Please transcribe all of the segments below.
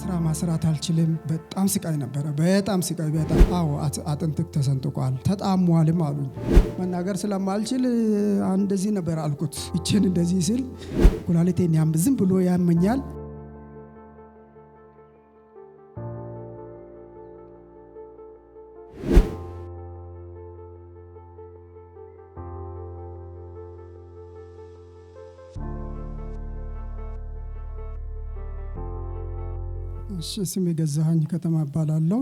ስራ ማስራት አልችልም። በጣም ስቃይ ነበረ። በጣም ስቃይ በጣም አዎ፣ አጥንትክ ተሰንጥቋል ተጣሟልም አሉኝ። መናገር ስለማልችል እንደዚህ ነበር አልኩት። ይችን እንደዚህ ስል ኩላሊቴን ያም ዝም ብሎ ያመኛል። እሺ ስሜ ገዛኸኝ ከተማ እባላለሁ።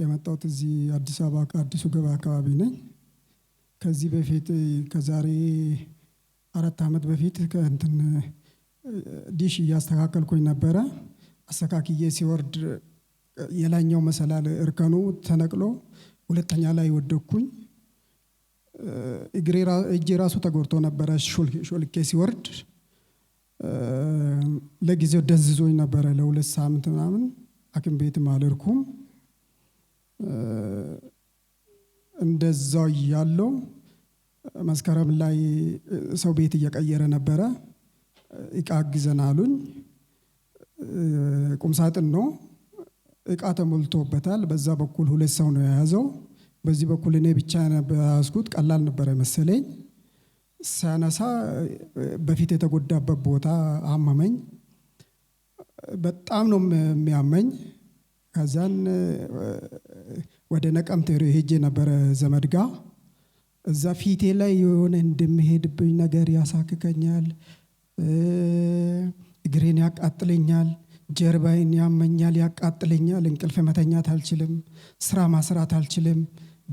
የመጣሁት እዚህ አዲስ አበባ አዲሱ ገበያ አካባቢ ነኝ። ከዚህ በፊት ከዛሬ አራት ዓመት በፊት ከእንትን ዲሽ እያስተካከልኩኝ ነበረ። አስተካክዬ ሲወርድ የላይኛው መሰላል እርከኑ ተነቅሎ ሁለተኛ ላይ ወደኩኝ። እጅ እጄ ራሱ ተጎድቶ ነበረ ሾልኬ ሲወርድ ለጊዜው ደዝዞኝ ነበረ። ለሁለት ሳምንት ምናምን አክም ቤትም አልሄድኩም። እንደዛው ያለው መስከረም ላይ ሰው ቤት እየቀየረ ነበረ። እቃ አግዘን አሉኝ። ቁምሳጥን ነው እቃ ተሞልቶበታል። በዛ በኩል ሁለት ሰው ነው የያዘው። በዚህ በኩል እኔ ብቻ ያስኩት ቀላል ነበረ መሰለኝ። ሲያነሳ በፊት የተጎዳበት ቦታ አመመኝ። በጣም ነው የሚያመኝ። ከዛን ወደ ነቀምቴ ሄጄ ነበረ ዘመድ ጋ። እዛ ፊቴ ላይ የሆነ እንደምሄድብኝ ነገር ያሳክከኛል፣ እግሬን ያቃጥለኛል፣ ጀርባይን ያመኛል፣ ያቃጥለኛል። እንቅልፍ መተኛት አልችልም፣ ስራ ማስራት አልችልም።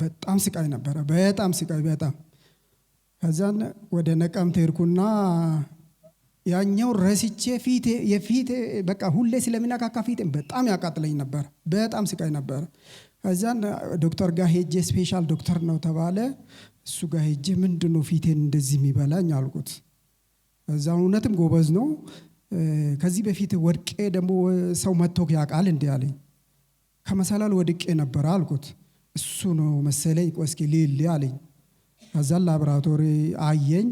በጣም ስቃይ ነበረ። በጣም ስቃይ በጣም ከዛን ወደ ነቀምት ሄድኩና ያኛው ረስቼ ፊቴ የፊቴ በቃ ሁሌ ስለሚነካካ ፊቴ በጣም ያቃጥለኝ ነበር። በጣም ስቃይ ነበር። ከዛን ዶክተር ጋር ሄጄ ስፔሻል ዶክተር ነው ተባለ። እሱ ጋር ሄጄ ምንድን ነው ፊቴን እንደዚህ የሚበላኝ አልኩት። እዛ እውነትም ጎበዝ ነው። ከዚህ በፊት ወድቄ ደግሞ ሰው መቶክ ያውቃል እንዲህ አለኝ። ከመሰላል ወድቄ ነበር አልኩት። እሱ ነው መሰለኝ። ቆይ እስኪ አለኝ። ከዛን ላብራቶሪ አየኝ።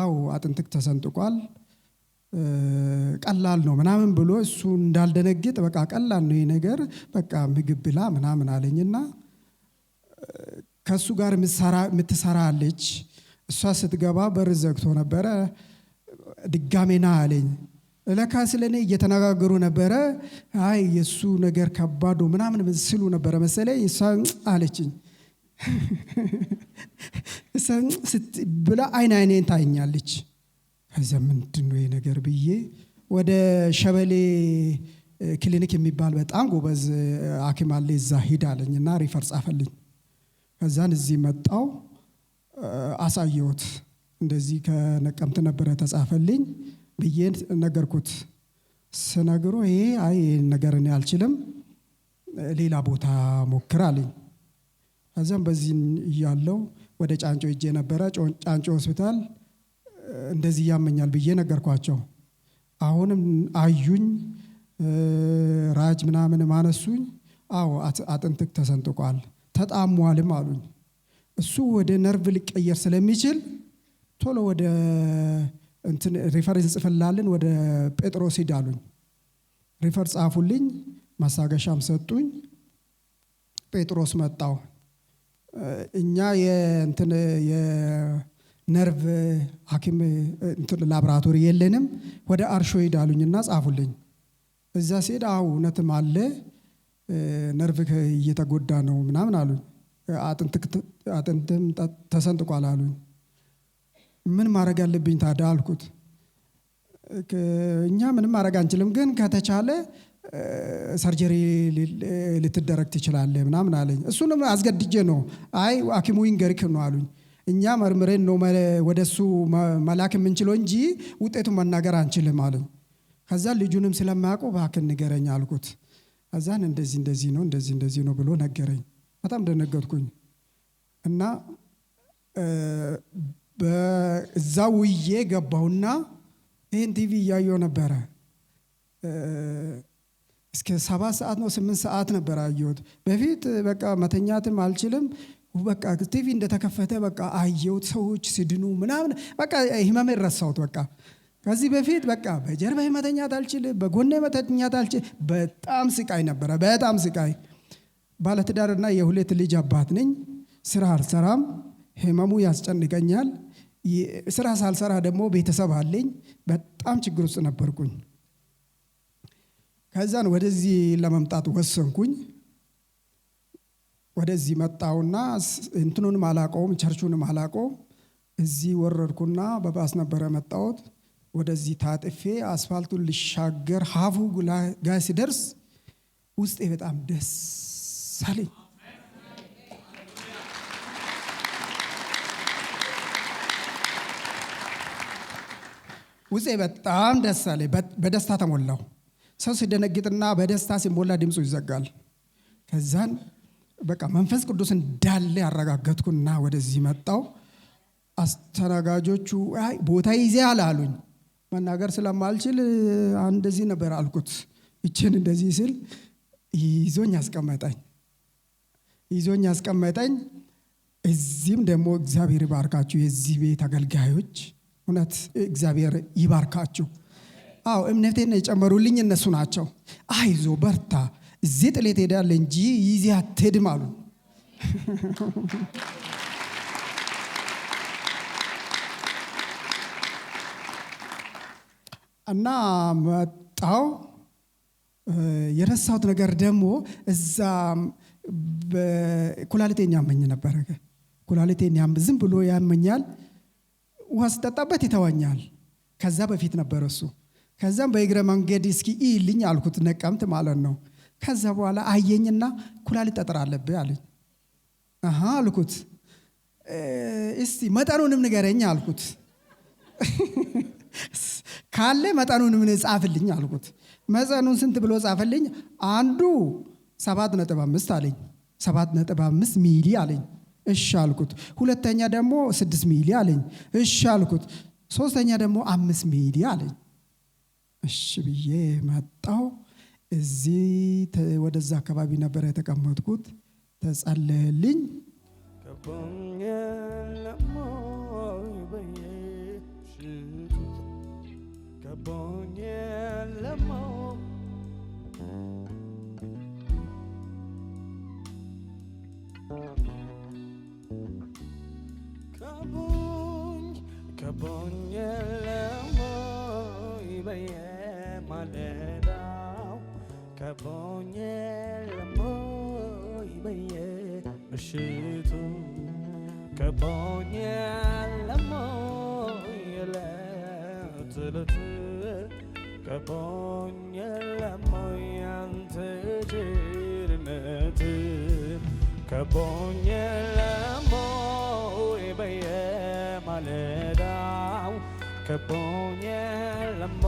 አው አጥንትክ ተሰንጥቋል ቀላል ነው ምናምን ብሎ እሱ እንዳልደነግጥ በቃ ቀላል ነው ይህ ነገር በቃ ምግብ ብላ ምናምን አለኝና ከእሱ ጋር የምትሰራ አለች። እሷ ስትገባ በር ዘግቶ ነበረ። ድጋሜና አለኝ። ለካ ስለ እኔ እየተነጋገሩ ነበረ። አይ የእሱ ነገር ከባዶ ምናምን ስሉ ነበረ መሰለኝ። እሷ አለችኝ ብላ አይን አይኔን ታይኛለች። ከዚያ ምንድን ነው ነገር ብዬ ወደ ሸበሌ ክሊኒክ የሚባል በጣም ጎበዝ አኪም አለ እዛ ሂድ አለኝ እና ሪፈር ጻፈልኝ። ከዛን እዚህ መጣው አሳየውት እንደዚህ ከነቀምት ነበረ ተጻፈልኝ ብዬ ነገርኩት። ስነግሮ ይሄ አይ ነገር አልችልም ሌላ ቦታ ሞክር አለኝ። ከዚያም በዚህ እያለው ወደ ጫንጮ እጄ ነበረ። ጫንጮ ሆስፒታል እንደዚህ ያመኛል ብዬ ነገርኳቸው። አሁንም አዩኝ፣ ራጅ ምናምን ማነሱኝ። አዎ አጥንትክ ተሰንጥቋል ተጣሟልም አሉኝ። እሱ ወደ ነርቭ ሊቀየር ስለሚችል ቶሎ ወደ እንትን ሪፈረንስ ጽፍላልን ወደ ጴጥሮስ ሂድ አሉኝ። ሪፈር ጻፉልኝ፣ ማሳገሻም ሰጡኝ። ጴጥሮስ መጣው እኛ የእንትን የነርቭ ሐኪም እንትን ላብራቶሪ የለንም። ወደ አርሾ እና ጻፉልኝ። እዛ ሲሄድ አዎ እውነትም አለ ነርቭ እየተጎዳ ነው ምናምን አሉኝ። አጥንትም ተሰንጥቋል አሉኝ። ምን ማድረግ አለብኝ ታዲያ አልኩት። እኛ ምንም ማድረግ አንችልም፣ ግን ከተቻለ ሰርጀሪ ልትደረግ ትችላለህ ምናምን አለኝ። እሱንም አስገድጄ ነው። አይ ሐኪሙ ይንገሪክ ነው አሉኝ። እኛ መርምሬን ነው ወደ እሱ መላክ የምንችለው እንጂ ውጤቱ መናገር አንችልም አሉኝ። ከዛ ልጁንም ስለማያውቀው እባክህ ንገረኝ አልኩት። ከዛን እንደዚህ እንደዚህ ነው እንደዚህ እንደዚህ ነው ብሎ ነገረኝ። በጣም ደነገጥኩኝ እና በዛ ውዬ ገባሁና ይህን ቲቪ እያየሁ ነበረ እስከ ሰባት ሰዓት ነው ስምንት ሰዓት ነበር አየሁት። በፊት በቃ መተኛትም አልችልም። በቃ ቲቪ እንደተከፈተ በቃ አየሁት ሰዎች ሲድኑ ምናምን በቃ ህመም ረሳሁት። በቃ ከዚህ በፊት በቃ በጀርባ መተኛት አልችልም፣ በጎኔ መተኛት አልችልም። በጣም ስቃይ ነበረ፣ በጣም ስቃይ። ባለትዳርና የሁለት ልጅ አባት ነኝ። ስራ አልሰራም፣ ህመሙ ያስጨንቀኛል። ስራ ሳልሰራ ደግሞ ቤተሰብ አለኝ። በጣም ችግር ውስጥ ነበርኩኝ። ከዛን ወደዚህ ለመምጣት ወሰንኩኝ። ወደዚህ መጣውና እንትኑንም አላቀውም፣ ቸርቹንም አላቀውም። እዚህ ወረድኩና በባስ ነበረ መጣሁት። ወደዚህ ታጥፌ አስፋልቱን ልሻገር ሀፉ ጋር ሲደርስ ውስጤ በጣም ደስ አለኝ። ውስጤ በጣም ደስ አለኝ። በደስታ ተሞላሁ። ሰው ሲደነግጥና በደስታ ሲሞላ ድምፁ ይዘጋል። ከዛን በቃ መንፈስ ቅዱስ እንዳለ ያረጋገጥኩና ወደዚህ መጣው። አስተናጋጆቹ ቦታ ይዜ አላሉኝ መናገር ስለማልችል እንደዚህ ነበር አልኩት። እችን እንደዚህ ስል ይዞኝ አስቀመጠኝ። ይዞኝ አስቀመጠኝ። እዚህም ደግሞ እግዚአብሔር ይባርካችሁ የዚህ ቤት አገልጋዮች፣ እውነት እግዚአብሔር ይባርካችሁ። አዎ እምነቴን የጨመሩልኝ እነሱ ናቸው። አይዞ በርታ፣ እዚህ ጥሌት ትሄዳለ እንጂ ይዚህ አትሄድም አሉ። እና መጣው የረሳሁት ነገር ደግሞ እዛ ኩላሊቴን ያመኝ ነበረ። ኩላሊቴን ያም ዝም ብሎ ያመኛል፣ ውሃ ስጠጣበት ይተወኛል። ከዛ በፊት ነበረ እሱ ከዛም በእግረ መንገድ እስኪ ይልኝ አልኩት፣ ነቀምት ማለት ነው። ከዛ በኋላ አየኝና ኩላሊት ጠጠር አለብህ አለኝ። አሀ አልኩት። እስቲ መጠኑንም ንገረኝ አልኩት። ካለ መጠኑንም ጻፍልኝ አልኩት። መጠኑን ስንት ብሎ ጻፈልኝ። አንዱ ሰባት ነጥብ አምስት አለኝ። ሰባት ነጥብ አምስት ሚሊ አለኝ። እሺ አልኩት። ሁለተኛ ደግሞ ስድስት ሚሊ አለኝ። እሺ አልኩት። ሶስተኛ ደግሞ አምስት ሚሊ አለኝ። እሺ ብዬ መጣው። እዚህ ወደዛ አካባቢ ነበረ የተቀመጥኩት። ተጸለየልኝ። ከቦኝ ከቦኝ ምሽቱ ከቦኛል ለሞ የዕለት ዕለት ከቦኛል ለሞ ያንተ ቸርነት ከቦኛል ለሞ በየማለዳው ከቦኛል ለሞ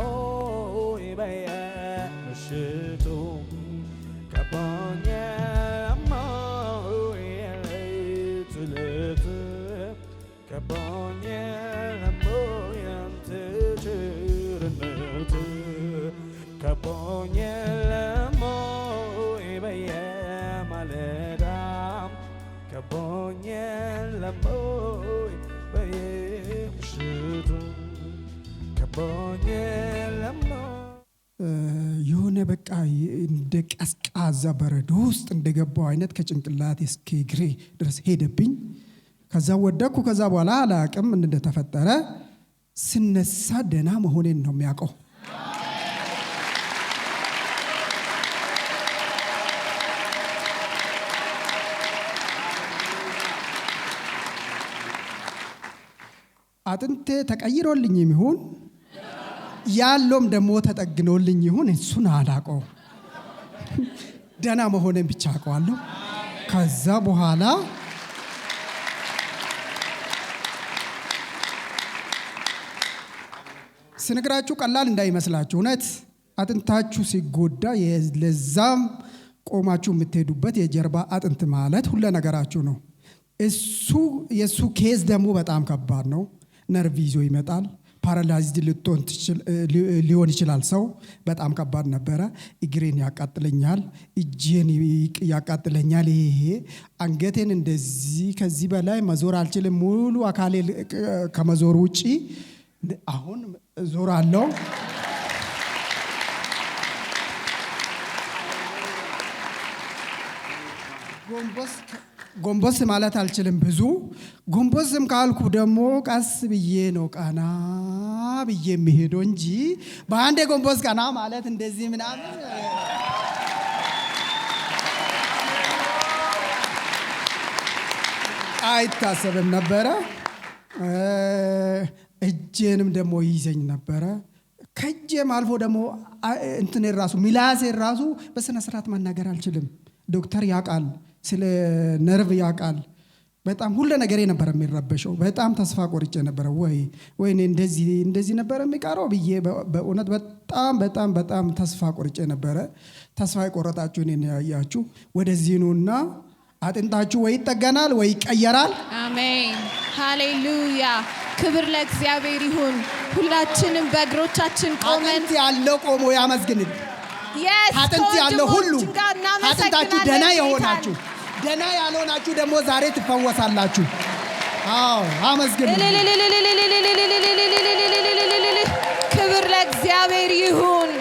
በየምሽቱ ከቦኛል Eh, የሆነ በቃ እንደ ቀዝቃዛ በረዶ ውስጥ እንደገባው አይነት ከጭንቅላት እስከ እግሬ ድረስ ሄደብኝ። ከዛ ወደኩ ከዛ በኋላ አላቅም እንደተፈጠረ ስነሳ ደና መሆኔን ነው የሚያውቀው። አጥንቴ ተቀይሮልኝ ይሁን ያለውም ደግሞ ተጠግኖልኝ ይሁን እሱን አላቀው። ደና መሆኔን ብቻ አቀዋለሁ ከዛ በኋላ ስነግራችሁ ቀላል እንዳይመስላችሁ እውነት አጥንታችሁ ሲጎዳ ለዛም ቆማችሁ የምትሄዱበት የጀርባ አጥንት ማለት ሁለ ነገራችሁ ነው። እሱ የእሱ ኬዝ ደግሞ በጣም ከባድ ነው። ነርቭ ይዞ ይመጣል። ፓራላይዝድ ሊሆን ይችላል ሰው። በጣም ከባድ ነበረ። እግሬን ያቃጥለኛል፣ እጅን ያቃጥለኛል። ይሄ አንገቴን እንደዚህ ከዚህ በላይ መዞር አልችልም። ሙሉ አካሌ ከመዞር ውጪ አሁን ዙር አለው ጎንበስ ማለት አልችልም ብዙ ጎንበስም ካልኩ ደግሞ ቀስ ብዬ ነው ቀና ብዬ የሚሄደው እንጂ በአንድ የጎንቦስ ቀና ማለት እንደዚህ ምናምን አይታሰብም ነበረ። እጄንም ደግሞ ይይዘኝ ነበረ። ከእጄም አልፎ ደግሞ እንትን ራሱ ሚላሴን ራሱ በስነ ስርዓት መናገር አልችልም። ዶክተር ያቃል ስለ ነርቭ ያውቃል። በጣም ሁለ ነገር ነበረ የሚረበሸው። በጣም ተስፋ ቆርጭ ነበረ። ወይ ወይኔ እንደዚህ እንደዚህ ነበረ የሚቀረው ብዬ በእውነት በጣም በጣም በጣም ተስፋ ቆርጭ ነበረ። ተስፋ የቆረጣችሁ እኔን ያያችሁ ወደዚህ ኑና አጥንታችሁ ወይ ይጠገናል ወይ ይቀየራል። አሜን ሃሌሉያ ክብር ለእግዚአብሔር ይሁን። ሁላችንም በእግሮቻችን ቆመን አጥንት ያለው ቆሞ ያመስግንል። አጥንት ያለው ሁሉ አጥንታችሁ ደና የሆናችሁ ደና ያልሆናችሁ ደግሞ ዛሬ ትፈወሳላችሁ። አዎ አመስግኑ። ክብር ለእግዚአብሔር ይሁን።